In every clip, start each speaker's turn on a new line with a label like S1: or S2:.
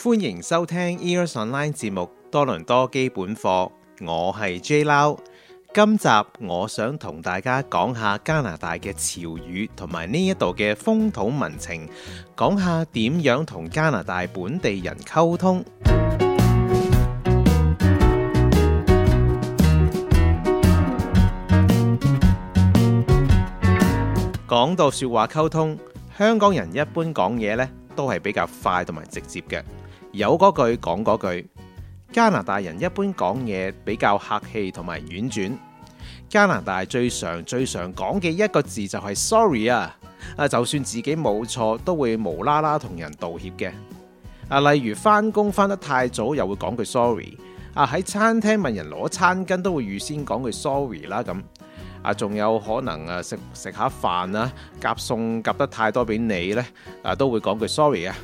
S1: 歡迎收聽 Ears Online 節目《多倫多基本課》，我係 J Lau。今集我想同大家講下加拿大嘅潮語，同埋呢一度嘅風土民情，講下點樣同加拿大本地人溝通。講到說話溝通，香港人一般講嘢呢都係比較快同埋直接嘅。有嗰句講嗰句，加拿大人一般講嘢比較客氣同埋婉轉。加拿大最常最常講嘅一個字就係 sorry 啊！啊，就算自己冇錯，都會無啦啦同人道歉嘅。啊，例如翻工翻得太早，又會講句 sorry。啊，喺餐廳問人攞餐巾都會預先講句 sorry 啦。咁啊，仲有可能啊食食下飯啊夾餸夾得太多俾你呢，啊都會講句 sorry 啊。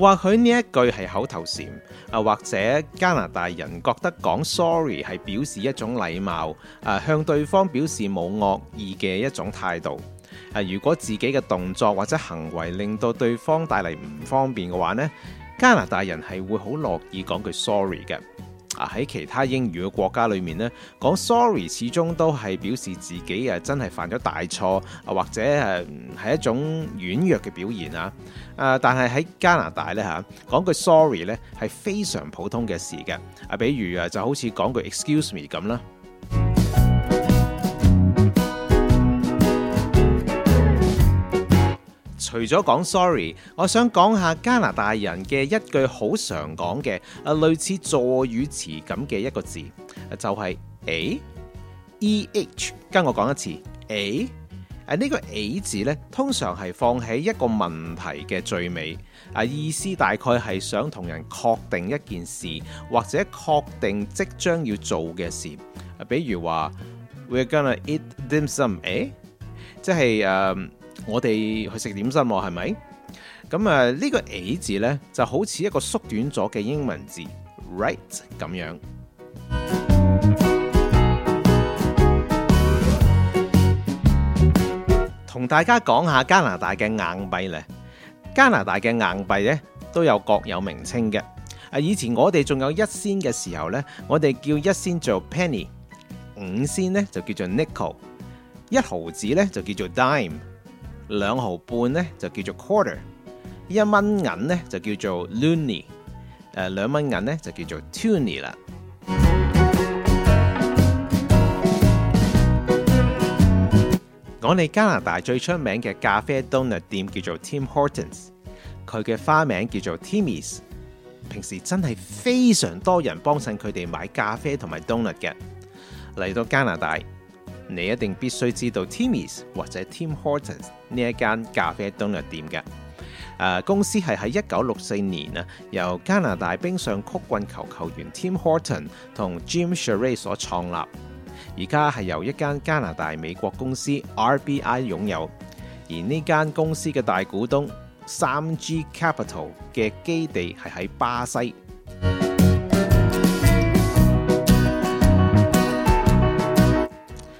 S1: 或許呢一句係口頭禪，啊或者加拿大人覺得講 sorry 係表示一種禮貌，啊向對方表示冇惡意嘅一種態度，啊如果自己嘅動作或者行為令到對方帶嚟唔方便嘅話呢，加拿大人係會好樂意講句 sorry 嘅。喺其他英語嘅國家裏面咧，講 sorry 始終都係表示自己啊真係犯咗大錯啊，或者誒係一種軟弱嘅表現啊。但係喺加拿大咧嚇，講句 sorry 咧係非常普通嘅事嘅。啊，比如就好似講句 excuse me 咁啦。除咗講 sorry，我想講下加拿大人嘅一句好常講嘅啊，類似助語詞咁嘅一個字，就係、是、eh，E H，跟我講一次 eh。啊，呢個 eh 字呢，通常係放喺一個問題嘅最尾，啊，意思大概係想同人確定一件事，或者確定即將要做嘅事。比如話 We're gonna eat dim sum，誒，即係誒。我哋去食點心，哦，係咪咁啊？呢個 A 字呢就好似一個縮短咗嘅英文字 Right 咁樣。同大家講下加拿大嘅硬幣呢。加拿大嘅硬幣呢都有各有名稱嘅。啊，以前我哋仲有一仙嘅時候呢，我哋叫一仙做 penny，五仙呢就叫做 nickel，一毫子呢就叫做 dime。兩毫半咧就叫做 quarter，一蚊銀咧就叫做 loonie，誒、呃、兩蚊銀咧就叫做 toonie 啦。我哋加拿大最出名嘅咖啡 donut 店叫做 Tim Hortons，佢嘅花名叫做 Timmys。平時真係非常多人幫襯佢哋買咖啡同埋 donut 嘅。嚟到加拿大。你一定必須知道 Timmies 或者 Tim Hortons 呢一間咖啡冬甩店嘅，誒公司係喺一九六四年啊，由加拿大冰上曲棍球球員 Tim Horton 同 Jim Sherry 所創立，而家係由一間加拿大美國公司 RBI 擁有，而呢間公司嘅大股東 3G Capital 嘅基地係喺巴西。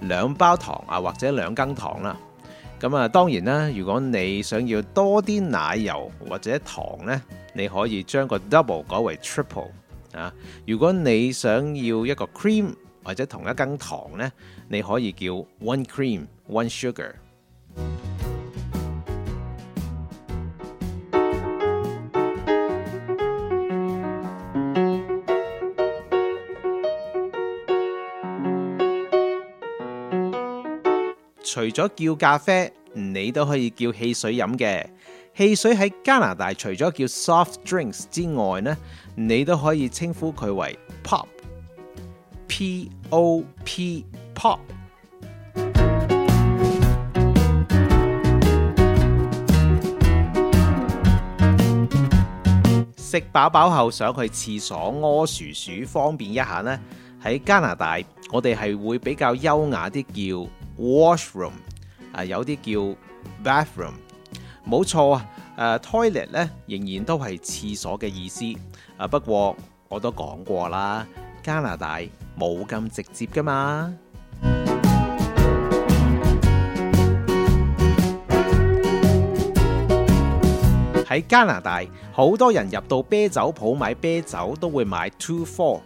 S1: 兩包糖啊，或者兩羹糖啦。咁啊，當然啦，如果你想要多啲奶油或者糖呢，你可以將個 double 改為 triple 啊。如果你想要一個 cream 或者同一羹糖呢，你可以叫 one cream one sugar。除咗叫咖啡，你都可以叫汽水飲嘅。汽水喺加拿大除咗叫 soft drinks 之外呢，呢你都可以稱呼佢為 pop P-O-P pop。食飽飽後想去廁所屙，薯鼠，方便一下呢？喺加拿大，我哋係會比較優雅啲叫。washroom 啊，Wash room，有啲叫 bathroom，冇錯啊。誒、呃、，toilet 咧仍然都係廁所嘅意思。啊，不過我都講過啦，加拿大冇咁直接㗎嘛。喺 加拿大，好多人入到啤酒鋪買啤酒都會買 two four。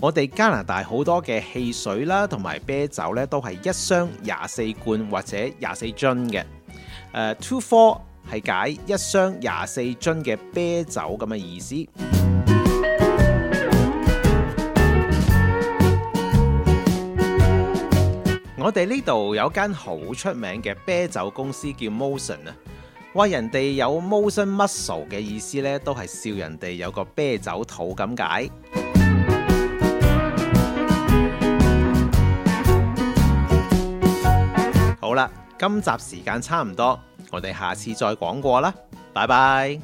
S1: 我哋加拿大好多嘅汽水啦，同埋啤酒呢，都係一箱廿四罐或者廿四樽嘅。誒 two four 係解一箱廿四樽嘅啤酒咁嘅意思。我哋呢度有間好出名嘅啤酒公司叫 Molson 啊，話人哋有 Molson Muscle 嘅意思呢，都係笑人哋有個啤酒肚咁解。好啦，今集時間差唔多，我哋下次再講過啦，拜拜。